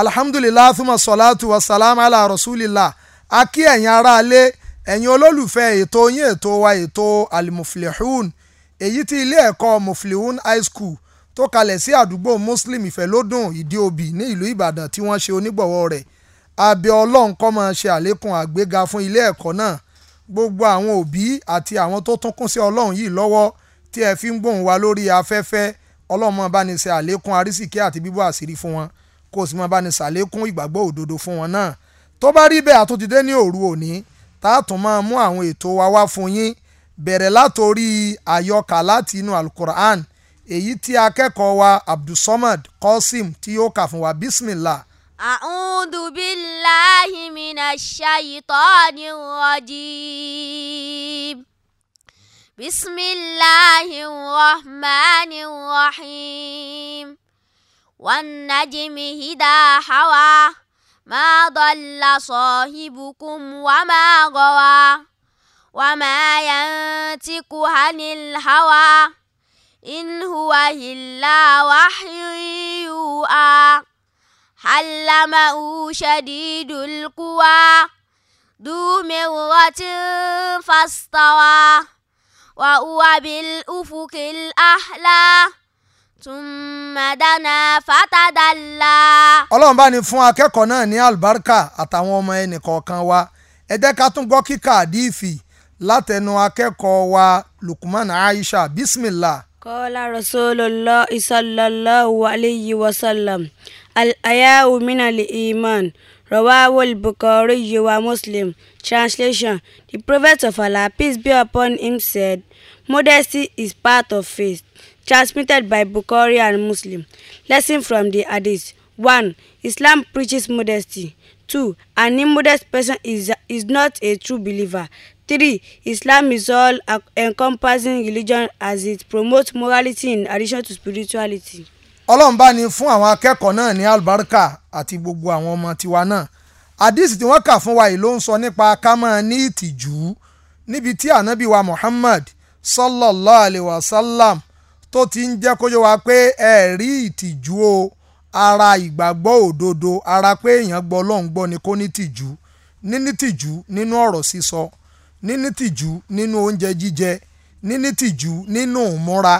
alhamdulilah thumma salatu wa salam ala rasulillah a kí ẹ̀yin aráalé ẹ̀yin olólùfẹ́ ètò yín ètò wa ètò almuflihun èyí tí ilé ẹ̀kọ́ muflihun high school tó kalẹ̀ sí àdúgbò muslim ìfẹ́lódùn ìdíòbí ní ìlú ìbàdàn tí wọ́n ṣe onígbọ̀wọ́ rẹ̀ abẹ́ ọlọ́run kó máa ṣe àlékún àgbéga fún ilé ẹ̀kọ́ náà gbogbo àwọn òbí àti àwọn tó tún kún sí ọlọ́run yìí lọ́wọ́ tí ẹ fi wa lórí afẹ́fẹ́ ọlọ́run máa bá ní ṣe àlékún arísìkí àti bíbọ́ àṣírí wọn kó o sì máa bá ní sàlékún ìgbàgbọ́ òdodo fún wọn náà tó bá rí bẹ́ẹ̀ àtúntìdé ní òru òní tá a tún máa mú àwọn ètò wa wá fún yín bẹ̀rẹ̀ látòrí àyọkà láti inú alukur'an èyí tí akẹ́kọ̀ọ́ wa abdulsamad qasim tí yóò kà fún wa bismillah. a'udhu billahi minash shaitanir rajim. bismillahir rahmanir rahim. والنجم هدى حوى ما ضل صاحبكم وما غوى وما ينطق عن الهوى إن هو إلا وحي يوحى علمه شديد القوى ذو مرة فاستوى وهو بالأفق الأحلى tùmọ̀dánà fàtàdàlà. ọlọ́run bá ní fún akẹ́kọ̀ọ́ náà ní àlùbáríkà àtàwọn ọmọ ẹnìkọ̀ọ̀kan wa ẹ jẹ́ ká tún gbọ́ kíkà àdìfì látẹnu akẹ́kọ̀ọ́ wa Lukman Aisha bismillah. kọ́lá rasulullah sallallahu alayhi wa sallam al-ayau minal iman rawawul bukhari wa muslim translation the prophet of allah peace be upon him said modesty is part of faith transmitted by Bukhari and Muslim. Lesson from the Hadith 1. Islam preaches modesty. 2. An immodest person is, is not a true believer. 3. Islam is all encompassing religion as it promotes morality in addition to spirituality. Ọlọ́run bá ní fún àwọn akẹ́kọ̀ọ́ náà ní àlùbáríkà àti gbogbo àwọn ọmọ tiwa náà. Àdìsí tí wọ́n kà fún wa yìí ló ń sọ nípa ká máa ní ìtìjú níbi tí ànábì wa Muhammad sallallahu alaihi wa sallam tó ti ń jẹ́ kó yé wa pé ẹ̀rí ìtìjú o ara ìgbàgbọ́ òdodo ara pé èèyàn gbọ́ ọlọ́run gbọ́ ni kó ní tìjú níní tìjú nínú ọ̀rọ̀ sísọ níní tìjú nínú oúnjẹ jíjẹ níní tìjú nínú ìmúra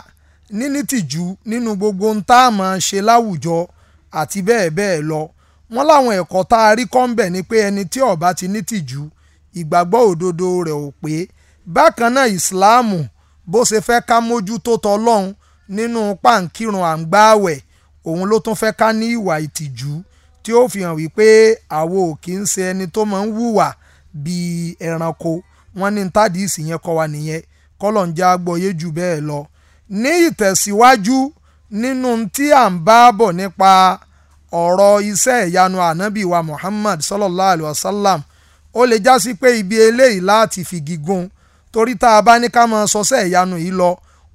níní tìjú nínú gbogbo ohun tá a máa ṣe láwùjọ àti bẹ́ẹ̀ bẹ́ẹ̀ lọ wọ́n láwọn ẹ̀kọ́ tá a rí kọ́ńbẹ̀ ni pé ẹni tí ó ti ní tìjú ìgbàgbọ́ òdodo rẹ̀ ò pé bákan náà ìsìláàmù bó ṣe fẹ́ ká mójútó tọlọ́run nínú pàǹkìrùn àǹgbáàwẹ̀ òun ló tún fẹ́ ká ní ìwà ìtìjú tí ó fi hàn wípé àwo ò kì í ṣe ẹni tó máa ń hùwà bíi ẹranko wọn ní tádìsì yẹn kọ́ wa nìyẹn kọ́lọ̀ ń já gbọ́yé jù bẹ́ẹ̀ lọ. ní ìtẹ̀síwájú nínú tí à ń bá bọ̀ nípa ọ̀rọ̀ iṣẹ́ ìyanu ànábì wa Muhammad sallallahu alayhi wa sallam ó lè já pé ibi eléyìí láti fi gígùn torí tá a bá ní ká máa sọsẹ́ ìyanu yìí lọ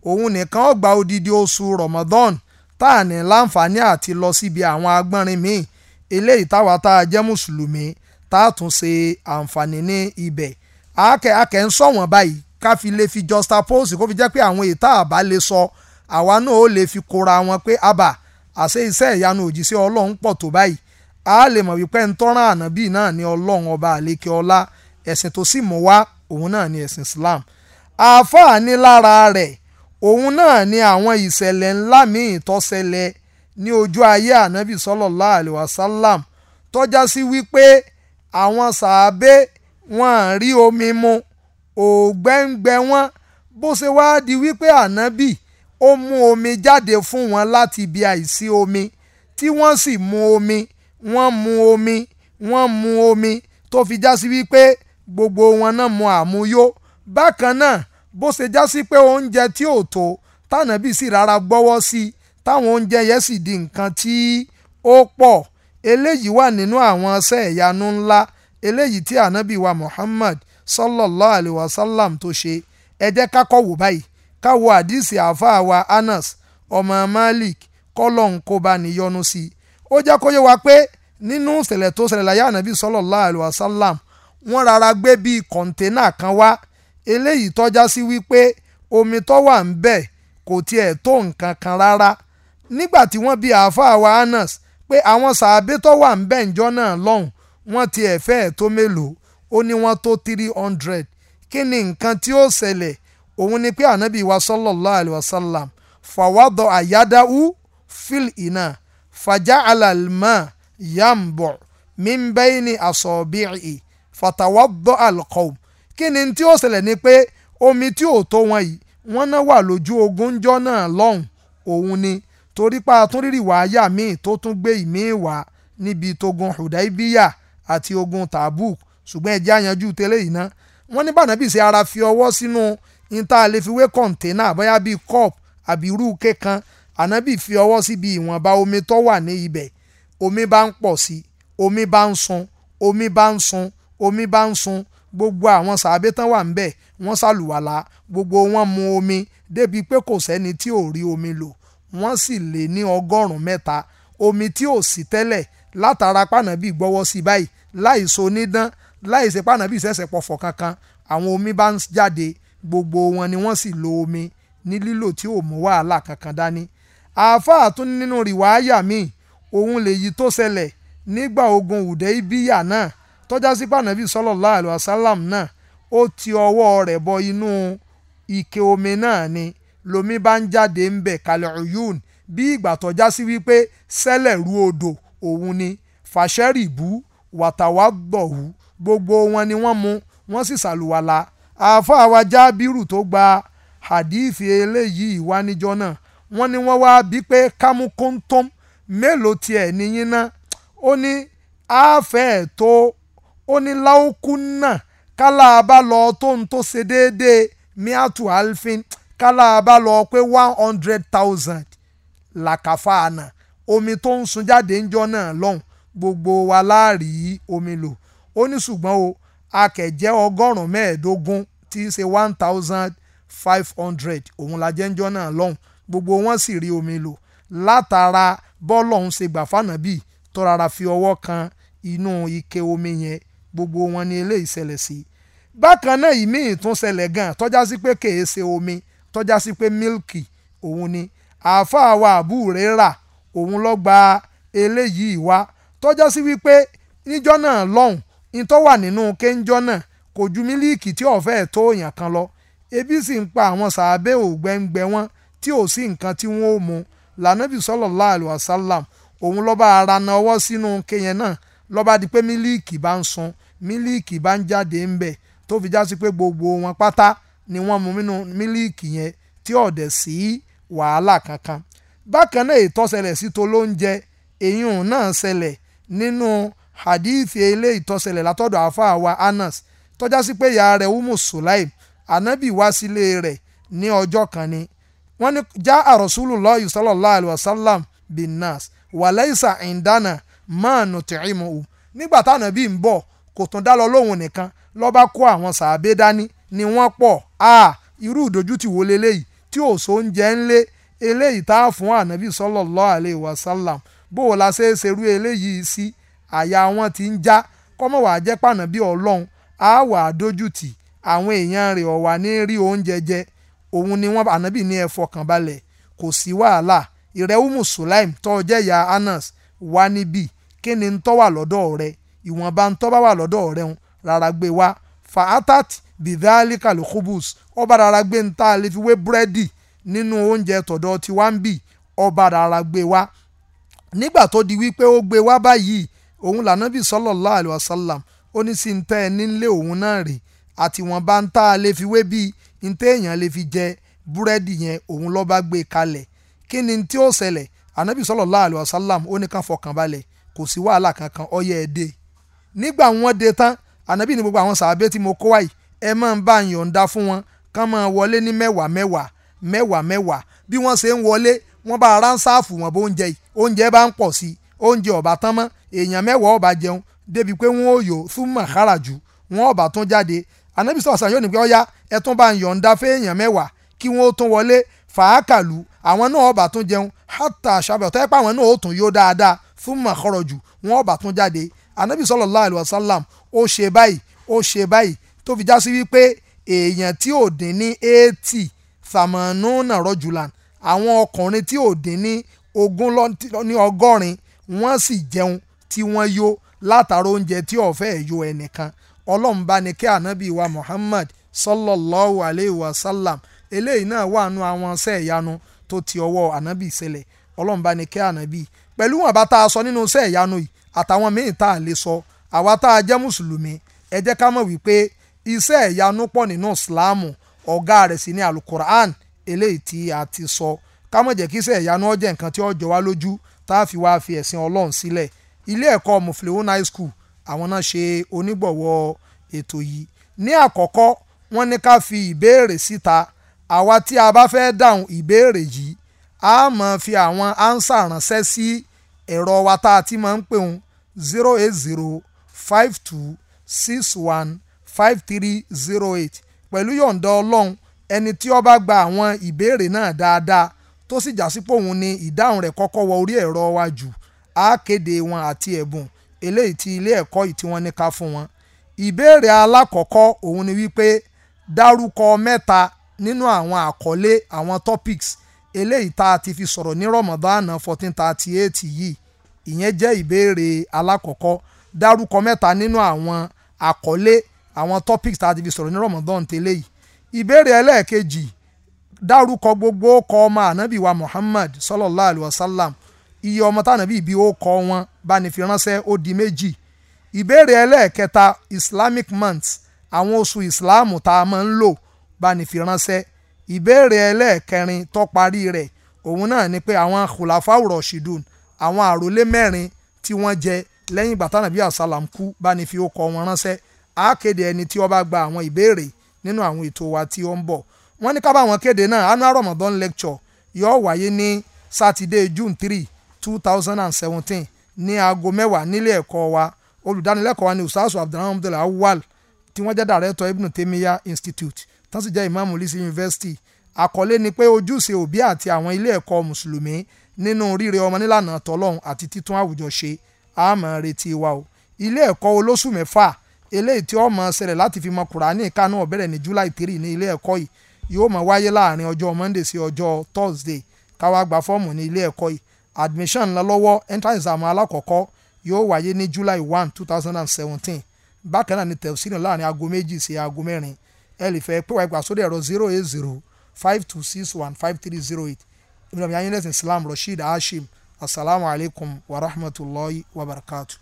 òun nìkan ó odidi oṣù Ramadan tá a ní láǹfààní àti lọ síbi àwọn agbọ́nrin míì eléyìí táwa tá a jẹ́ mùsùlùmí tá a tún ṣe àǹfààní ní ibẹ̀ àákẹ́ àkẹ́ ń sọ̀wọ́n báyìí ká fi lè fi juxtapose kó fi jẹ́ pé àwọn ètò àbá lè sọ àwa náà ó lè fi kóra wọn pé àbà àṣẹ iṣẹ́ ìyanu òjíṣẹ́ ọlọ́run pọ̀ tó báyìí a lè mọ̀ wípé ń tọ́ràn ànábì náà ní ọlọ́run ọba àlékè ọlá ẹ̀sìn tó sì mú wá òun náà ni ẹ̀sìn Islam àáfàá ní lára rẹ̀ òun náà ni àwọn ìṣẹ̀lẹ̀ ńlá míì tó ṣẹlẹ̀ ní ojú ayé ànábì sallallahu alaihi wasallam tó já sí wípé àwọn sàábé wọn rí omi mu ògbẹ́ngbẹ́ wọn bó ṣe wáá di wípé ànábì ó mú omi jáde fún wọn láti ibi àìsí omi tí wọ́n sì mu omi wọ́n mu omi wọ́n mu omi tó fi já sí wípé gbogbo wọn náà mu àmúyó bákan náà bó ṣe já sí pé oúnjẹ tí ò tó tànàbí sì rárá gbọ́wọ́ sí i táwọn oúnjẹ yẹn sì di nǹkan tí ó pọ̀ eléyìí wà nínú àwọn iṣẹ́ ìyanu ńlá eléyìí tí ànábì wa Muhammad sallallahu alayhi wa sallam tó ṣe ẹ jẹ́ ká kọ́ wò báyìí ká àdìsí àáfàá wa Anas ọmọ Malik kọ́lọ́n kó bá níyọnu sí i ó jẹ́ kó yé wa pé nínú ìṣẹ̀lẹ̀ tó ṣẹlẹ̀ láyé ànábì sallallahu alayhi wa sallam wọ́n rárá gbé bíi kọ̀ǹténà kan wá eléyìí tọ́já sí wípé omi tó wà ń bẹ̀ kò tiẹ̀ tó nǹkan kan rárá nígbà tí wọ́n bi àáfàá wa Anas pé àwọn sàábé tó wà ń bẹ̀ ńjọ́ náà lọ́hùn wọ́n tiẹ̀ fẹ́ẹ̀ tó mélòó ó ní wọ́n tó three hundred kí ni nǹkan tí ó ṣẹlẹ̀ òun ni pé ànábì wa sallallahu alayhi wa sallam fàwádọ̀ àyádáwú fíl iná fàjà alàlmá yàmbọ̀ mímbẹ́yìn ni àsọ̀bìrì fàtàwọ́bọ̀ alkọ́m kí ni tí ó ṣẹlẹ̀ ni pé omi tí ò tó wọn yìí wọ́n náà wà lójú ogúnjọ́ náà lọ́hùn òun ni torí pa àtúndìrì wáyà míì tó tún gbé ìmíì wá níbi togun Hudaibiya àti ogun Tabuk ṣùgbọ́n ẹjẹ́ àyànjú tẹ́lẹ̀ yìí ná wọ́n ní bànábì ṣe ara fi ọwọ́ sínú níta lè fi wé kọ̀ǹténà bóyá bíi cup àbí irú kékan ànábì fi ọwọ́ síbi ìwọ̀nba omi tó wà ní ibẹ̀ omi bá ń pọ̀ sí omi bá ń sun omi bá ń sun omi bá ń sun gbogbo àwọn sàábé tán wà ńbẹ̀ wọ́n ṣàlùwàlà gbogbo wọn mu omi débi pé kò sẹ́ni tí ò rí omi lò wọ́n sì lé ní ọgọ́rùn-ún mẹ́ta omi tí ò sí tẹ́lẹ̀ látara pànàbí gbọ́wọ́ sí báyìí láì so nídán láì ṣe pànàbí ṣẹ̀ṣẹ̀ pọ̀fọ̀ kankan àwọn omi bá ń jáde gbogbo wọn ni wọ́n sì lo omi ní lílò tí ò mú wàhálà kankan dání àáfàá tún nínú rìwáyà míì òun lèyí tó ṣẹlẹ̀ nígbà ogun Hùdẹ́bíyà náà tọ́já sí pànàbí sallallahu alaihi wasallam náà ó ti ọwọ́ rẹ̀ bọ inú ike omi náà ni lomi bá ń jáde ń bẹ̀ kalẹ̀ ọ̀yún bí ìgbà tọ́já sí wípé sẹ́lẹ̀ ru odò òun ni fàṣẹ́rì bú wàtàwá gbọ̀hù gbogbo wọn ni wọ́n mu wọ́n sì ṣàlùwàlà àáfàá wa jábírù tó gba hadithi eléyìí wá níjọ́ náà wọ́n ní wọ́n wá bí pé kámú kóńtóm mélòó tiẹ̀ níyìn náà ó ní àáfẹ́ tó ó ní láókúnà kálá bá lọ tó ń tó ṣe déédéé miatu alfin kálá bá pé one hundred thousand làkàfà àná omi tó ń sun jáde ń jọ náà lọ́hùn gbogbo wa láàrí omi lò ó ní ṣùgbọ́n o akẹ̀jẹ́ ọgọ́rùn-ún mẹ́ẹ̀ẹ́dógún tí í ṣe one thousand five hundred òun la jẹ́ ń jọ náà lọ́hùn gbogbo wọn sì rí omi lò látara bọ́ọ̀lù ọ̀hún ṣe gbà fànà tó rárá fi ọwọ́ kan inú ike omi yẹn gbogbo wọn ni eléyìí ṣẹlẹ̀ sí bákan náà ìmí ìtún ṣẹlẹ̀ gan tọ́já sí pé kèé ṣe omi tọ́já sí pé mílkì òun ni àáfàá wa àbú rẹ̀ rà òun lọ gba eléyìí wá tọ́já sí wípé níjọ́ náà lọ́hùn ìtọ́ wà nínú kéńjọ́ náà kò ju mílíìkì tí ọ̀fẹ́ tó èèyàn kan lọ ebi sì ń pa àwọn sàábẹ́ ògbẹ́ngbẹ́ wọn tí ò sí nǹkan tí wọ́n ó mu lànàbì sallallahu alaihi wasallam òun lọ́ba ara na ọwọ́ sínú kéyẹn náà lọ́ba di pé mílíìkì bá ń sun mílíìkì bá ń jáde ń bẹ̀ tó fi já sí pé gbogbo wọn pátá ni wọ́n mu nínú mílíìkì yẹn tí ọ̀dẹ̀ sí wàhálà kankan bákan náà ètò ṣẹlẹ̀ sí tó lóúnjẹ èyún náà ṣẹlẹ̀ nínú hadith ilé ìtọ́sẹ̀lẹ̀ látọ̀dọ̀ àáfàá wa Anas tọ́já sí pé ìyá rẹ̀ Umu Sulaim anabi wá sílé rẹ̀ ní ọjọ́ kan ni wọ́n ní já àròsúlù lọ́ọ̀yù sallallahu alaihi wasallam bin nas wàlẹ́sà indana mọ́ọ̀nù tìrìmù o nígbà táwọn bíi ń bọ̀ kò tún dá lọ lóhùn nìkan lọ́ba kó àwọn sàábé dání ni wọ́n pọ̀ a irú ìdójútì wo leléyìí tí òṣò ń jẹ́ ńlé eléyìí tá a fún ànábì sallallahu alaihi wasallam bó o la ṣe é ṣerú eléyìí sí àyà wọn ti ń já kọ́mọ̀ wàá jẹ́ pànábì ọlọ́run a wà á dójútì àwọn èèyàn rẹ̀ ọ̀wà ní rí oúnjẹ jẹ òun ni wọ́n ànábì ní ẹ fọkàn balẹ̀ kò sí wàhálà ìrẹ́wùmù sulaim tó jẹ́ ìyá anas wá níbí kí ni ń tọ́ wà lọ́dọ̀ rẹ ìwọ̀nba ń tọ́ bá wà lọ́dọ̀ rẹ ń rárá gbé wá fa'atat bidhali kalokubus ọba rárá gbé ń tá a lè fi wé búrẹ́dì nínú oúnjẹ tọ̀dọ̀ tí wá ń bì ọba rárá gbé wá nígbà tó di wípé ó gbé wá báyìí òun lànàbì sallallahu alaihi wasallam ó ní sí ń tẹ́ ẹ nílé òun náà rè àti wọn bá ń tá a lè ń tẹ́ èèyàn lè fi jẹ búrẹ́dì yẹn òun lọ́ba gbé kalẹ̀ kí ni tí ó ṣẹlẹ̀ ànábì sallallahu alaihi wasallam ó ní kàn fọkàn balẹ̀ kò sí wàhálà kankan ọyẹ ẹ dé nígbà wọn dé tán ànábì ní gbogbo àwọn sàábé tí mo kó wáyìí ẹ máa ń bá yọ̀ǹda fún wọn kán máa wọlé ní mẹ́wàá mẹ́wàá mẹ́wàá mẹ́wàá bí wọ́n ṣe ń wọlé wọ́n bá ránsáàfù wọn bó oúnjẹ yìí oúnjẹ bá ń pọ̀ sí i oúnjẹ ọ̀bà tán mọ́ èèyàn mẹ́wàá ọ̀bà jẹun débi pé wọ́n ò yò súnmọ̀ kára jù wọ́n ọ̀bà tún jáde ànábì sọ̀sán yóò ní pé ọ̀yá ẹ tún bá yọ̀ǹda fẹ́ẹ̀yàn mẹ́wàá kí wọ́n tún wọlé fàákàlù àwọn náà ọ̀bà tún jẹun hátà ṣàbẹ̀tọ́ ẹ pé àwọn náà ó tún yó dáadáa fún màkọ́rọ̀jù wọn bá tún jáde anabi sallallahu alaihi wasallam ó ṣe báyìí ó ṣe báyìí tó fi já sí wípé èèyàn tí ò dín ní eighty samanuna rojulan àwọn ọkùnrin tí ò dín ní ogún ní ọgọ́rin wọ́n sì jẹun tí wọ́n yó látara oúnjẹ tí ọ̀fẹ́ yó ẹnìkan ọlọ́run bá ní kí ànábì wa muhammad sallallahu alayhi wa sallam eléyìí náà wà nù àwọn ṣẹ́ ìyanu tó ti ọwọ́ ànábì ṣẹlẹ̀ ọlọ́run bá ní kí ànábì pẹ̀lú wọn bá tá a sọ nínú iṣẹ́ ìyanu yìí àtàwọn míì tá a lè sọ àwa tá a jẹ́ mùsùlùmí ẹ jẹ́ ká mọ̀ wípé iṣẹ́ ìyanu pọ̀ nínú ìsìláàmù ọ̀gá rẹ̀ sì ní alukur'an eléyìí tí a ti sọ ká mọ̀ jẹ́ kí iṣẹ́ ìyanu ó jẹ́ nǹkan tí ó jọ wá lójú tá a fi wá fi ẹ̀sìn ọlọ́run sílẹ̀ ilé ẹ̀kọ́ mufleon high school àwọn náà ṣe onígbọ̀wọ́ ètò yìí ní àkọ́kọ́ wọ́n ní ká fi ìbéèrè síta àwa tí a bá fẹ́ dáhùn ìbéèrè yìí a máa fi àwọn ansa ránṣẹ́ sí ẹ̀rọ wa tá a ti máa ń pè wọn zero eight zero five two six one five three zero eight pẹ̀lú yọ̀ǹda ọlọ́run ẹni tí ó bá gba àwọn ìbéèrè náà dáadáa tó sì já sí pé òun ni ìdáhùn rẹ̀ kọ́kọ́ wọ orí ẹ̀rọ wa jù á kéde wọn àti ẹ̀bùn eléyìí ti ilé ẹ̀kọ́ yìí tí wọ́n ní ká fún wọn. ìbéèrè alákọ̀ọ́kọ́ òun ni wípé dárúkọ mẹ́ta nínú àwọn àkọlé àwọn topics eléyìí tá a ti fi sọ̀rọ̀ ní Ramadan fourteen thirty eight yìí ìyẹn jẹ́ ìbéèrè alákọ̀ọ́kọ́ dárúkọ mẹ́ta nínú àwọn àkọlé àwọn topics tá a ti fi sọ̀rọ̀ ní Ramadan tẹ́lẹ̀ yìí ìbéèrè ẹlẹ́ẹ̀kejì dárúkọ gbogbo ọkọ ọmọ ànábì wa Muhammad sallallahu alayhi wa sallam iye ọmọ tànàbí ibi ó kọ wọn bá ní fi ránṣẹ́ ó di méjì ìbéèrè ẹlẹ́ẹ̀kẹta Islamic months àwọn oṣù ìsìláàmù tá a máa ń lò bá ní fi ránṣẹ́ ìbéèrè ẹlẹ́ẹ̀kẹrin tó parí rẹ̀ òun náà ni pé àwọn khulafau rashidun àwọn àròlé mẹ́rin tí wọ́n jẹ lẹ́yìn bàtà nàbí àsálàm kú bá ní fi okọ̀ wọn ránṣẹ́ á kéde ẹni tí ó bá gba àwọn ìbéèrè nínú àwọn ètò wa tí ó ń bọ̀ wọ́n ní ká wọn kéde náà annual Ramadan lecture yóò wáyé ní sátidé June three two thousand and seventeen ní aago mẹ́wàá nílé ẹ̀kọ́ wa olùdánilẹ́kọ̀ọ́ wa ní usasu abdulrahman abdul awwal tí wọ́n jẹ́ dàrẹ́tọ̀ Ibn Temiya Institute tán sì jẹ́ ìmáàmù Lisi University àkọlé ni pé ojúṣe òbí àti àwọn ilé ẹ̀kọ́ mùsùlùmí nínú rírẹ ọmọ nílànà tọlọ́hun àti títún àwùjọ ṣe àmọ́ retí wa o ilé ẹ̀kọ́ olóṣù mẹ́fà eléyìí tí ó máa ṣẹlẹ̀ láti fi mọ kùránì kánú ó bẹ̀rẹ̀ ní July three ní ilé ẹ̀kọ́ yìí yóò máa wáyé láàrin ọjọ́ Monday sí ọjọ́ Thursday káwá gba fọ́ọ̀mù ní ilé ẹ̀kọ́ yìí admission ńlá lọ́wọ́ entrance exam alákọ̀ọ́kọ́ yóò wáyé ní July one two thousand and seventeen bákan náà ni tẹ̀síìnì láàrin aago méjì sí aago mẹ́rin ẹ lè fẹ́ pé wàá gbà sórí ẹ̀rọ zero eight zero five two six one five three zero eight ìmọ̀lẹ́mìí ayélujára islam rasheed hashim asalaamualeykum wa rahmatulahi wa barakatu.